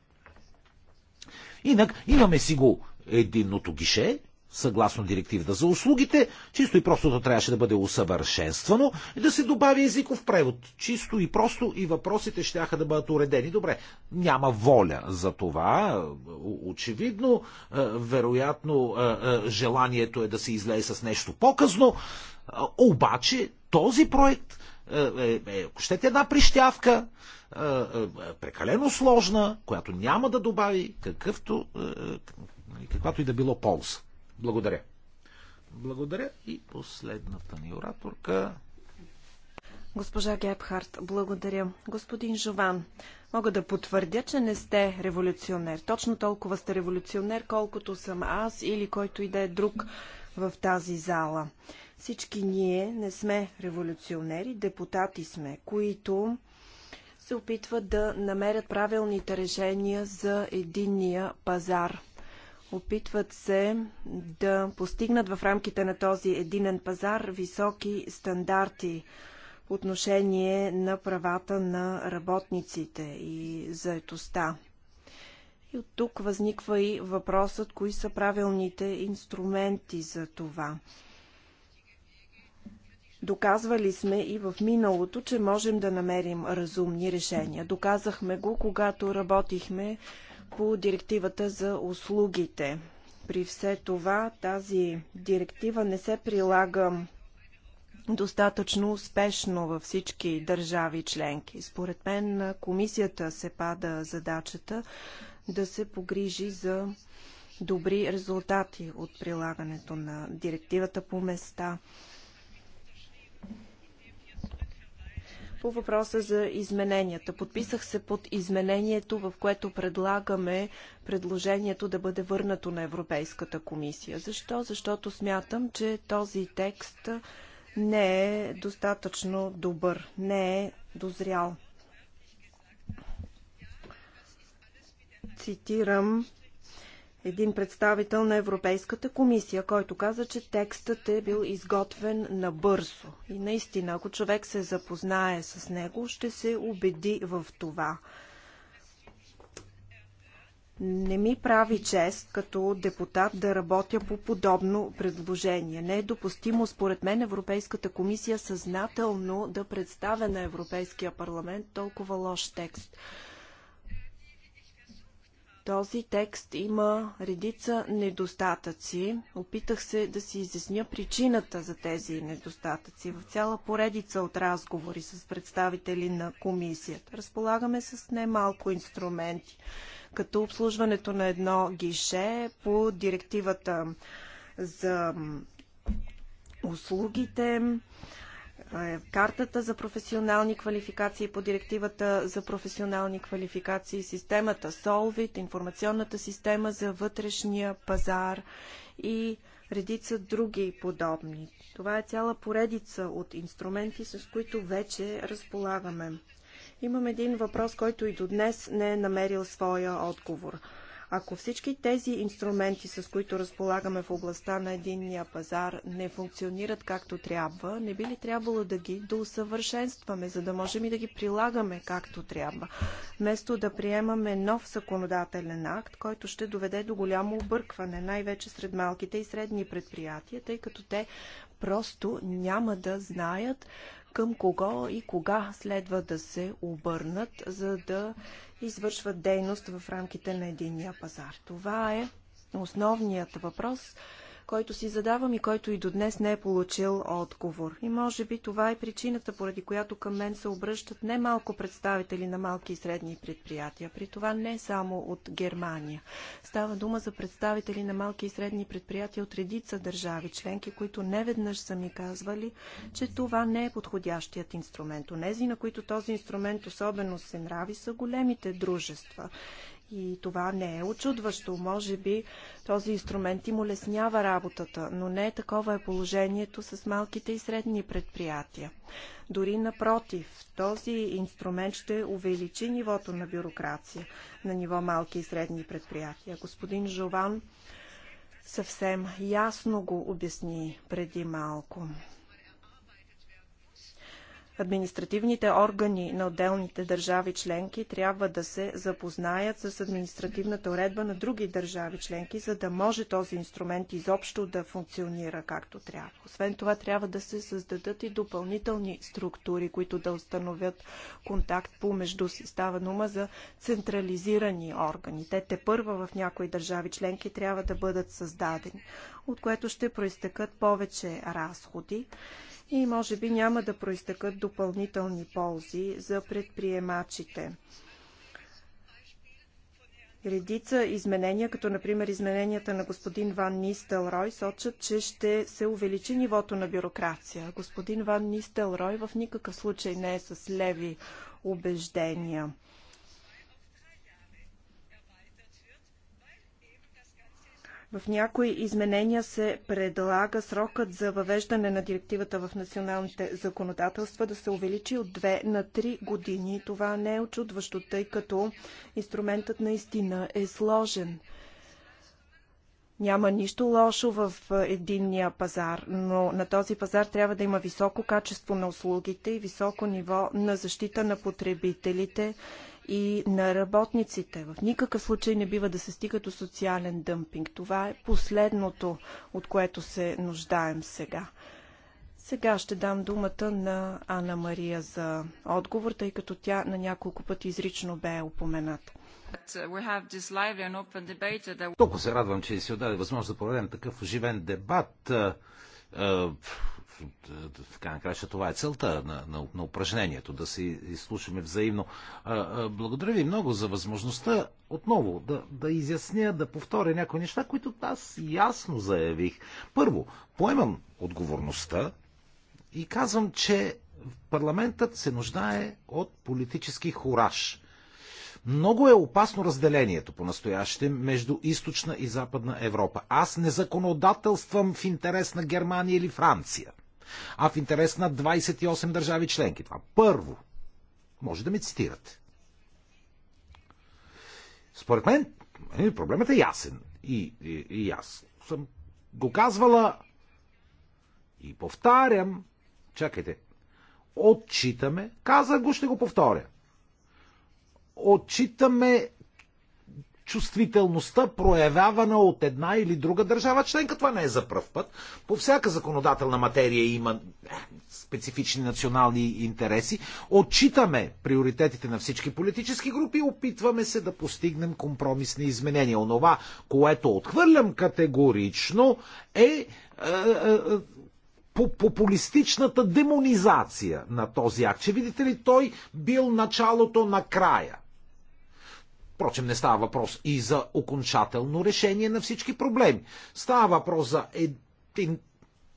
Инак имаме си го единното гише, съгласно директивата за услугите, чисто и просто то трябваше да бъде усъвършенствано и да се добави езиков превод. Чисто и просто и въпросите ще да бъдат уредени. Добре, няма воля за това, очевидно. Е, вероятно, е, е, желанието е да се излее с нещо по-късно. Обаче, този проект е, ако е една прищявка, е, е, прекалено сложна, която няма да добави какъвто, е, каквато и да било полза. Благодаря. Благодаря и последната ни ораторка. Госпожа Гебхарт, благодаря. Господин Жован, мога да потвърдя, че не сте революционер. Точно толкова сте революционер, колкото съм аз или който и да е друг в тази зала. Всички ние не сме революционери, депутати сме, които се опитват да намерят правилните решения за единния пазар – Опитват се да постигнат в рамките на този единен пазар високи стандарти по отношение на правата на работниците и заетостта. И от тук възниква и въпросът, кои са правилните инструменти за това. Доказвали сме и в миналото, че можем да намерим разумни решения. Доказахме го, когато работихме по директивата за услугите. При все това тази директива не се прилага достатъчно успешно във всички държави членки. Според мен на комисията се пада задачата да се погрижи за добри резултати от прилагането на директивата по места. по въпроса за измененията. Подписах се под изменението, в което предлагаме предложението да бъде върнато на Европейската комисия. Защо? Защото смятам, че този текст не е достатъчно добър, не е дозрял. Цитирам един представител на Европейската комисия, който каза, че текстът е бил изготвен набързо. И наистина, ако човек се запознае с него, ще се убеди в това. Не ми прави чест като депутат да работя по подобно предложение. Не е допустимо, според мен, Европейската комисия съзнателно да представя на Европейския парламент толкова лош текст. Този текст има редица недостатъци. Опитах се да си изясня причината за тези недостатъци в цяла поредица от разговори с представители на комисията. Разполагаме с немалко инструменти, като обслужването на едно гише по директивата за услугите, е, картата за професионални квалификации по директивата за професионални квалификации, системата Solvit, информационната система за вътрешния пазар и редица други подобни. Това е цяла поредица от инструменти, с които вече разполагаме. Имам един въпрос, който и до днес не е намерил своя отговор – ако всички тези инструменти, с които разполагаме в областта на единния пазар, не функционират както трябва, не би ли трябвало да ги доусъвършенстваме, за да можем и да ги прилагаме както трябва, вместо да приемаме нов законодателен акт, който ще доведе до голямо объркване, най-вече сред малките и средни предприятия, тъй като те просто няма да знаят към кого и кога следва да се обърнат, за да извършват дейност в рамките на единния пазар. Това е основният въпрос, който си задавам и който и до днес не е получил отговор. И може би това е причината, поради която към мен се обръщат не малко представители на малки и средни предприятия, при това не само от Германия. Става дума за представители на малки и средни предприятия от редица държави, членки, които неведнъж са ми казвали, че това не е подходящият инструмент. Онези, на които този инструмент особено се нрави, са големите дружества. И това не е очудващо. Може би този инструмент им улеснява работата, но не е такова е положението с малките и средни предприятия. Дори напротив, този инструмент ще увеличи нивото на бюрокрация на ниво малки и средни предприятия. Господин Жован съвсем ясно го обясни преди малко административните органи на отделните държави членки трябва да се запознаят с административната уредба на други държави членки, за да може този инструмент изобщо да функционира както трябва. Освен това, трябва да се създадат и допълнителни структури, които да установят контакт помежду си. Става дума за централизирани органи. Те те първа в някои държави членки трябва да бъдат създадени, от което ще проистекат повече разходи и може би няма да проистъкат допълнителни ползи за предприемачите. Редица изменения, като например измененията на господин Ван Нистелрой, сочат, че ще се увеличи нивото на бюрокрация. Господин Ван Нистелрой в никакъв случай не е с леви убеждения. В някои изменения се предлага срокът за въвеждане на директивата в националните законодателства да се увеличи от 2 на 3 години. Това не е очудващо, тъй като инструментът наистина е сложен. Няма нищо лошо в единния пазар, но на този пазар трябва да има високо качество на услугите и високо ниво на защита на потребителите и на работниците. В никакъв случай не бива да се стига до социален дъмпинг. Това е последното, от което се нуждаем сега. Сега ще дам думата на Анна Мария за отговор, тъй като тя на няколко пъти изрично бе упомената. Uh, Толкова се радвам, че си отдаде възможност да проведем такъв оживен дебат в край на краща това е целта на, на, на упражнението, да се изслушаме взаимно. А, е, а, е, благодаря ви много за възможността отново да, да изясня, да повторя някои неща, които аз ясно заявих. Първо, поемам отговорността и казвам, че парламентът се нуждае от политически хураж. Много е опасно разделението по-настояще между източна и западна Европа. Аз не законодателствам в интерес на Германия или Франция а в интерес на 28 държави членки. Това първо. Може да ме цитирате. Според мен, е, проблемът е ясен. И, и, и аз съм го казвала и повтарям. Чакайте. Отчитаме. Казах го, ще го повторя. Отчитаме чувствителността, проявявана от една или друга държава членка. Това не е за пръв път. По всяка законодателна материя има е, специфични национални интереси. Отчитаме приоритетите на всички политически групи, опитваме се да постигнем компромисни изменения. Онова, което отхвърлям категорично е, е, е по популистичната демонизация на този акт. Че видите ли, той бил началото на края Впрочем, не става въпрос и за окончателно решение на всички проблеми. Става въпрос за един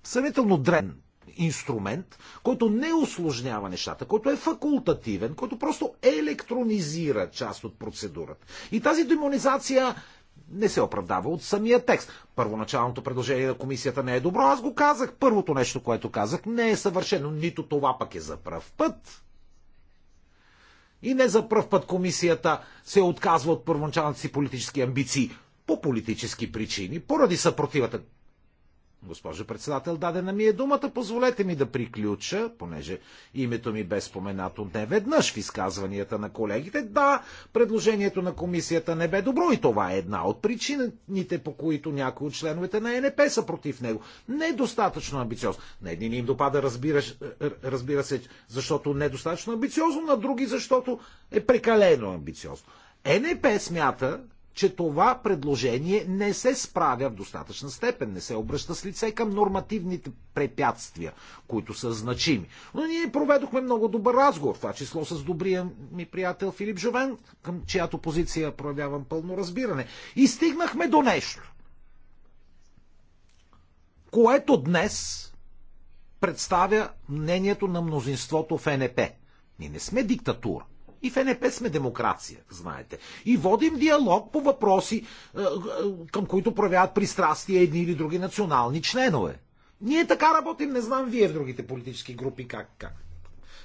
сравнително дрен инструмент, който не осложнява нещата, който е факултативен, който просто електронизира част от процедурата. И тази демонизация не се оправдава от самия текст. Първоначалното предложение на комисията не е добро, аз го казах. Първото нещо, което казах, не е съвършено. Нито това пък е за пръв път. И не за първ път комисията се отказва от първоначалните си политически амбиции по политически причини, поради съпротивата Госпожо председател, дадена ми е думата, позволете ми да приключа, понеже името ми бе споменато не веднъж в изказванията на колегите. Да, предложението на комисията не бе добро и това е една от причините, по които някои от членовете на ЕНП са против него. Не е достатъчно амбициозно. На едни им допада, разбира, разбира се, защото не е достатъчно амбициозно, на други, защото е прекалено амбициозно. ЕНП смята, че това предложение не се справя в достатъчна степен, не се обръща с лице към нормативните препятствия, които са значими. Но ние проведохме много добър разговор, това число с добрия ми приятел Филип Жовен, към чиято позиция проявявам пълно разбиране. И стигнахме до нещо, което днес представя мнението на мнозинството в НП. Ние не сме диктатура. И в НП сме демокрация, знаете. И водим диалог по въпроси, е, е, към които проявяват пристрастия едни или други национални членове. Ние така работим, не знам вие в другите политически групи как, как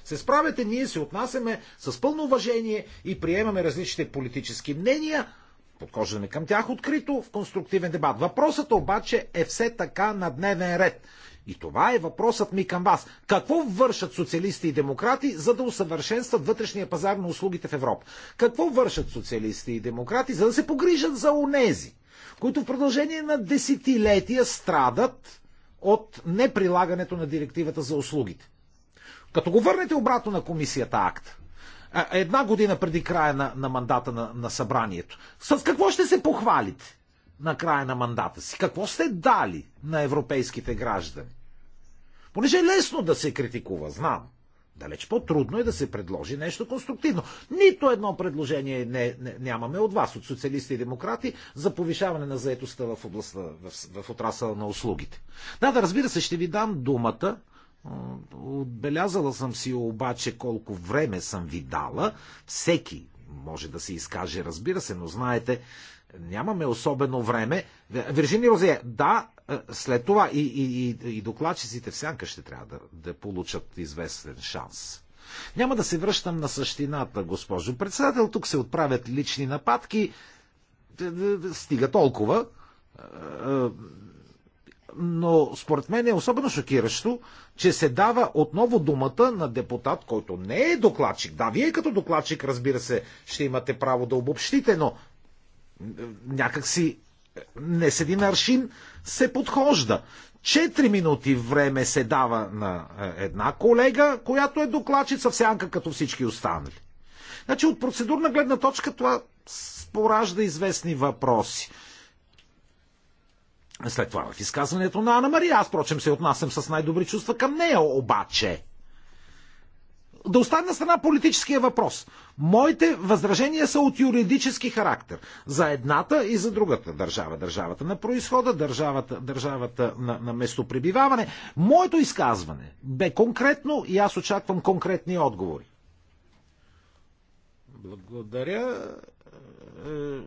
се справяте, ние се отнасяме с пълно уважение и приемаме различните политически мнения, подхождаме към тях открито в конструктивен дебат. Въпросът обаче е все така на дневен ред. И това е въпросът ми към вас. Какво вършат социалисти и демократи, за да усъвършенстват вътрешния пазар на услугите в Европа? Какво вършат социалисти и демократи, за да се погрижат за онези, които в продължение на десетилетия страдат от неприлагането на директивата за услугите? Като го върнете обратно на комисията акт, е, една година преди края на, на мандата на, на събранието, с какво ще се похвалите? на края на мандата си? Какво сте дали на европейските граждани? Понеже е лесно да се критикува, знам. Далеч по-трудно е да се предложи нещо конструктивно. Нито едно предложение не, не, нямаме от вас, от социалисти и демократи, за повишаване на заетостта в областта, в, в отрасъла на услугите. Да, да, разбира се, ще ви дам думата. Отбелязала съм си обаче колко време съм ви дала. Всеки може да се изкаже, разбира се, но знаете, Нямаме особено време. Вержини Розия, да, е, след това и, и, и, и докладчиците в сянка ще трябва да, да получат известен шанс. Няма да се връщам на същината, госпожо председател. Тук се отправят лични нападки. Е, е, стига толкова. Но според мен е особено шокиращо, че се дава отново думата на депутат, който не е докладчик. Да, вие като докладчик, разбира се, ще имате право да обобщите, но някакси не с един аршин се подхожда. Четири минути време се дава на е, една колега, която е докладчица в сянка като всички останали. Значи от процедурна гледна точка това поражда известни въпроси. След това в изказването на Ана Мария, аз прочем се отнасям с най-добри чувства към нея, обаче да оставя на страна политическия въпрос. Моите възражения са от юридически характер. За едната и за другата държава. Държавата на происхода, държавата, държавата на, на местопребиваване. Моето изказване бе конкретно и аз очаквам конкретни отговори. Благодаря. Е,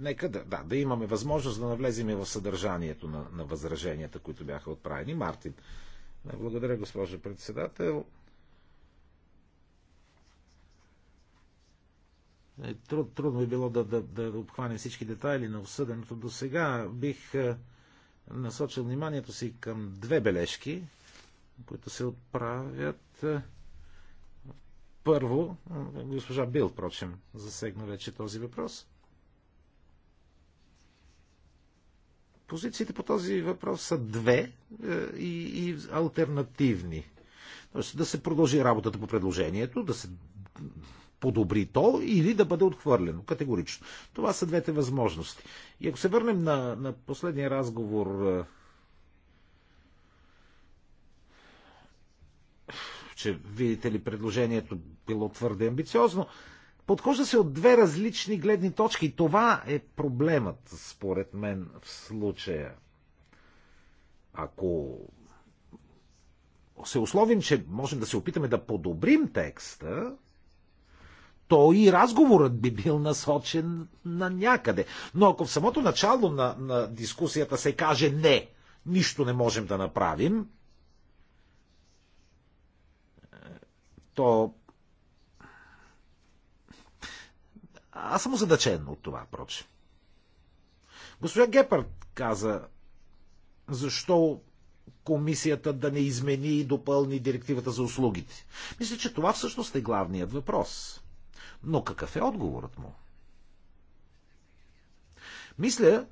нека да, да, да имаме възможност да и в съдържанието на, на възраженията, които бяха отправени. Мартин. Е, благодаря, госпожо председател. Е, труд, трудно е било да, да, да обхване всички детайли на осъденото до сега. Бих е, насочил вниманието си към две бележки, които се отправят. Първо, госпожа Бил, впрочем, засегна вече този въпрос. Позициите по този въпрос са две е, и, и альтернативни. Тоест да се продължи работата по предложението, да се подобри то или да бъде отхвърлено категорично. Това са двете възможности. И ако се върнем на, на последния разговор, е, че видите ли предложението било твърде амбициозно, подхожда се от две различни гледни точки. Това е проблемът, според мен, в случая. Ако се условим, че можем да се опитаме да подобрим текста, то и разговорът би бил насочен на някъде. Но ако в самото начало на, на дискусията се каже не, нищо не можем да направим, то. Аз съм озадачен от това, проче. Госпожа Гепард каза, защо комисията да не измени и допълни директивата за услугите. Мисля, че това всъщност е главният въпрос. Но какъв е отговорът му? Мисля,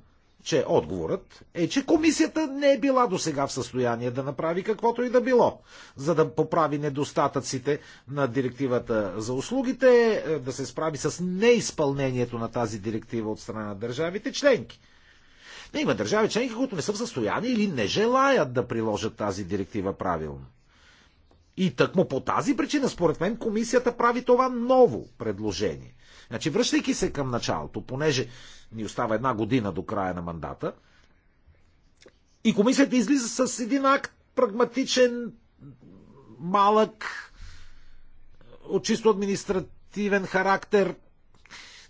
че отговорът е, че комисията не е била до сега в състояние да направи каквото и да било, за да поправи недостатъците на директивата за услугите, е, да се справи с неизпълнението на тази директива от страна на държавите членки. Не има държави членки, които не са в състояние или не желаят да приложат тази директива правилно. И тъкмо по тази причина, според мен, комисията прави това ново предложение. Значи, връщайки се към началото, понеже ни остава една година до края на мандата, и комисията излиза с един акт прагматичен, малък, от чисто административен характер.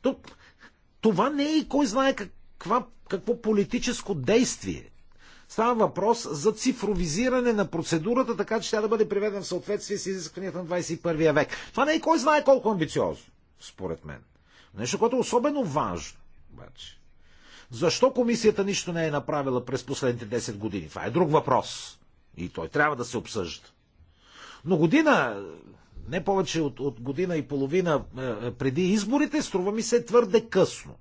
То, това не е и кой знае каква, какво политическо действие. Става въпрос за цифровизиране на процедурата, така че тя да бъде приведена в съответствие с изискванията на 21 век. Това не е кой знае колко амбициозно, според мен. Нещо, което е особено важно, обаче. Защо комисията нищо не е направила през последните 10 години? Това е друг въпрос. И той трябва да се обсъжда. Но година, не повече от, от година и половина е, е, преди изборите, струва ми се твърде късно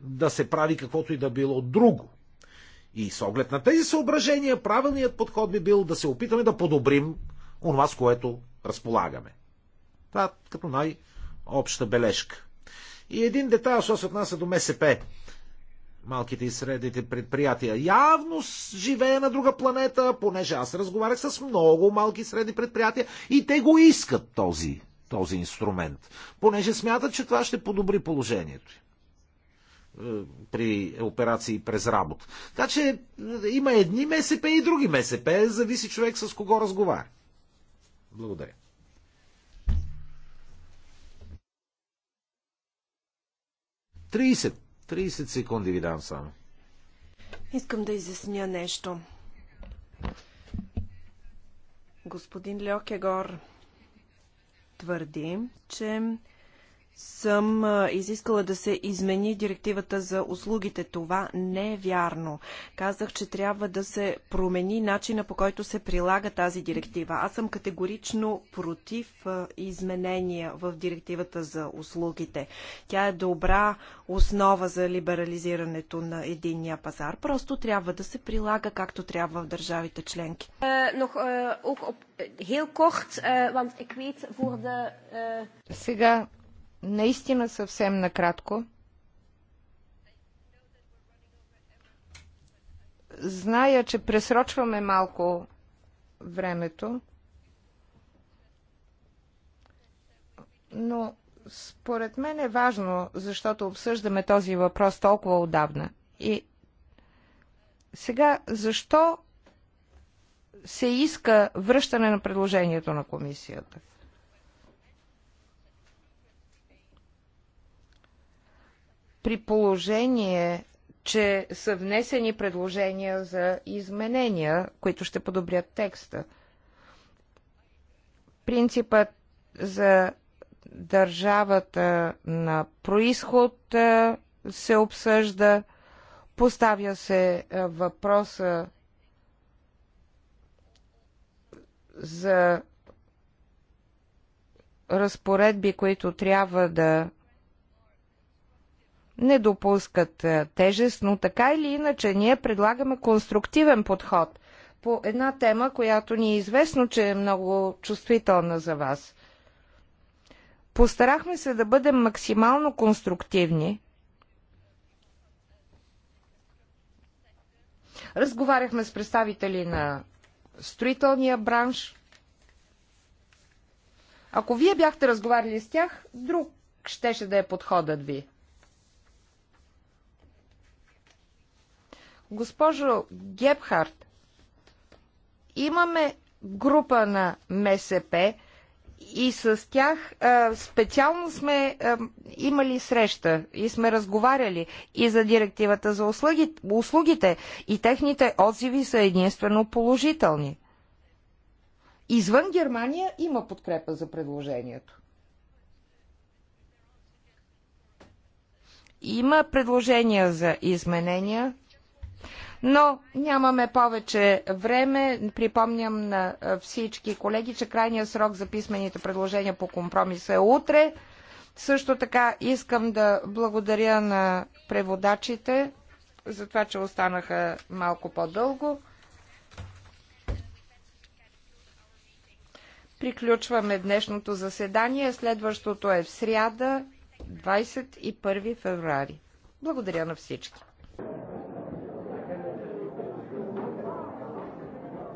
да се прави каквото и да било друго и с оглед на тези съображения, правилният подход би бил да се опитаме да подобрим онова, с което разполагаме. Това е като най-обща бележка. И един детайл, що се отнася до МСП малките и средните предприятия. Явно живее на друга планета, понеже аз разговарях с много малки и средни предприятия и те го искат този, този инструмент, понеже смятат, че това ще подобри положението им. Е, при операции през работа. Така че е, има едни МСП и други МСП, зависи човек с кого разговаря. Благодаря. Тридесет. 30 секунди ви дам само. Искам да изясня нещо. Господин Льокегор твърди, че съм изискала да се измени директивата за услугите. Това не е вярно. Казах, че трябва да се промени начина по който се прилага тази директива. Аз съм категорично против изменения в директивата за услугите. Тя е добра основа за либерализирането на единния пазар. Просто трябва да се прилага както трябва в държавите членки. Сега Наистина съвсем накратко. Зная, че пресрочваме малко времето, но според мен е важно, защото обсъждаме този въпрос толкова отдавна. И сега, защо се иска връщане на предложението на комисията? при положение, че са внесени предложения за изменения, които ще подобрят текста. Принципът за държавата на происход се обсъжда, поставя се въпроса за разпоредби, които трябва да не допускат е, тежест, но така или иначе ние предлагаме конструктивен подход по една тема, която ни е известно, че е много чувствителна за вас. Постарахме се да бъдем максимално конструктивни. Разговаряхме с представители на строителния бранш. Ако вие бяхте разговаряли с тях, друг щеше да е подходът ви. Госпожо Гепхарт, имаме група на МСП и с тях а, специално сме а, имали среща и сме разговаряли и за директивата за услуги, услугите и техните отзиви са единствено положителни. Извън Германия има подкрепа за предложението. Има предложения за изменения но нямаме повече време. Припомням на всички колеги, че крайният срок за писмените предложения по компромиса е утре. Също така искам да благодаря на преводачите за това, че останаха малко по-дълго. Приключваме днешното заседание. Следващото е в сряда, 21 феврари. Благодаря на всички.